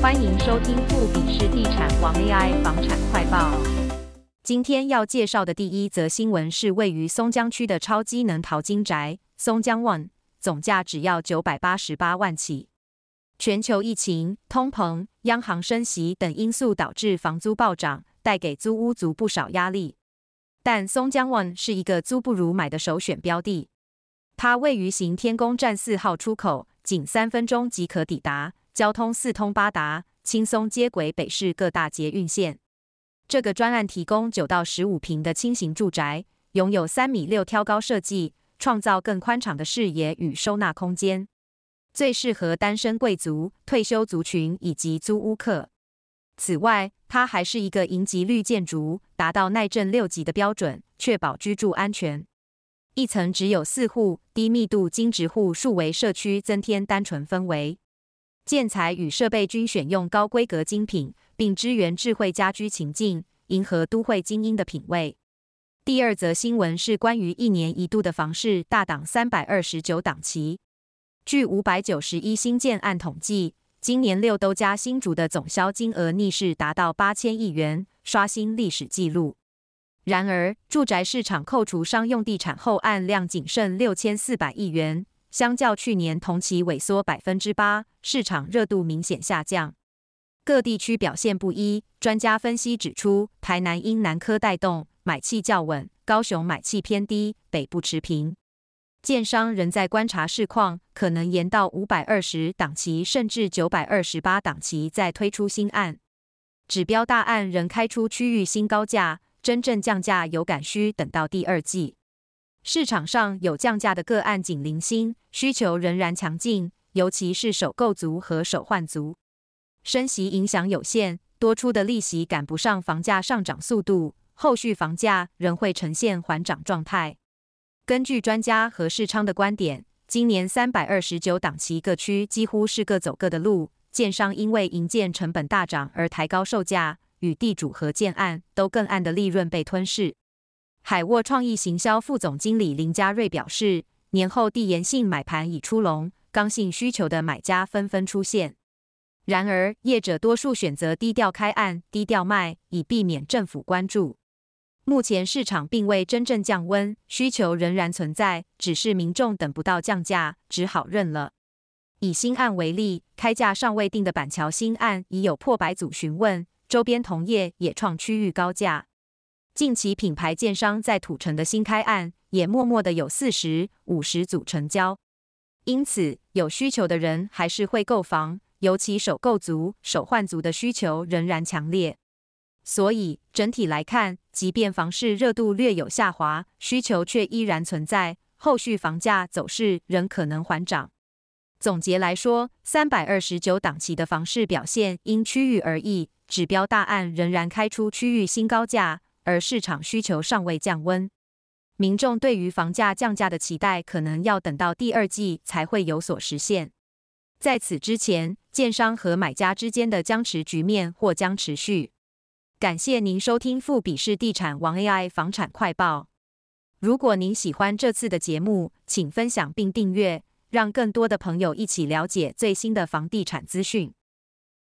歡迎收聽富比士地產王 AI 房產快報。今天要介紹的第一則新聞是位於松江區的超機能淘金宅——松江 One，總價只要九百八十八萬起。全球疫情、通膨、央行升息等因素導致房租暴漲，帶給租屋族不少壓力。但松江 One 是一個租不如買的首選標的。它位於行天宮站四號出口，僅三分鐘即可抵達。交通四通八達，輕鬆接軌北市各大捷運線。這個專案提供九到十五坪的輕型住宅，擁有三米六挑高設計，創造更寬敞的視野與收納空間，最適合單身貴族、退休族群以及租屋客。此外，它還是一個銀級綠建築，達到耐震六級的標準，確保居住安全。一層只有四戶，低密度精緻戶數為社區增添單純氛圍。建材與設備均選用高規格精品，並支援智慧家居情境，迎合都會精英的品味。第二則新聞是關於一年一度的房市大檔三百二十九檔期。據五百九十一新建案統計，今年六都加新竹的總銷金額逆勢達到八千億元，刷新歷史紀錄。然而，住宅市場扣除商用地產後，案量僅剩六千四百億元。相較去年同期萎縮百分之八，市場熱度明顯下降。各地區表現不一，專家分析指出，台南因南科帶動買氣較穩，高雄買氣偏低，北部持平。建商仍在觀察市況，可能延到五百二十檔期甚至九百二十八檔期再推出新案。指標大案仍開出區域新高價，真正降價有感需等到第二季。市場上有降價的個案僅零星，需求仍然強勁，尤其是首購族和首換族。升息影響有限，多出的利息趕不上房價上漲速度，後續房價仍會呈現緩漲狀態。根據專家何世昌的觀點，今年三百二十九檔期各區幾乎是各走各的路，建商因為營建成本大漲而抬高售價，與地主合建案、都更案的利潤被吞噬。海沃創意行銷副總經理林家瑞表示，年後遞延性買盤已出籠，剛性需求的買家紛紛出現。然而，業者多數選擇低調開案、低調賣，以避免政府關注。目前市場並未真正降溫，需求仍然存在，只是民眾等不到降價，只好認了。以新案為例，開價尚未定的板橋新案已有破百組詢問，周邊同業也創區域高價。近期品牌建商在土城的新開案也默默的有四十五十組成交，因此有需求的人還是會購房，尤其首購族、首換族的需求仍然強烈。所以整體來看，即便房市熱度略有下滑，需求卻依然存在，後續房價走勢仍可能緩漲。總結來說，三百二十九檔期的房市表現因區域而異，指標大案仍然開出區域新高價。而市場需求尚未降溫，民眾對於房價降價的期待可能要等到第二季才會有所實現。在此之前，建商和買家之間的僵持局面或將持續。感謝您收聽富比士地產王 AI 房產快報。如果您喜歡這次的節目，請分享並訂閱，讓更多的朋友一起了解最新的房地產資訊。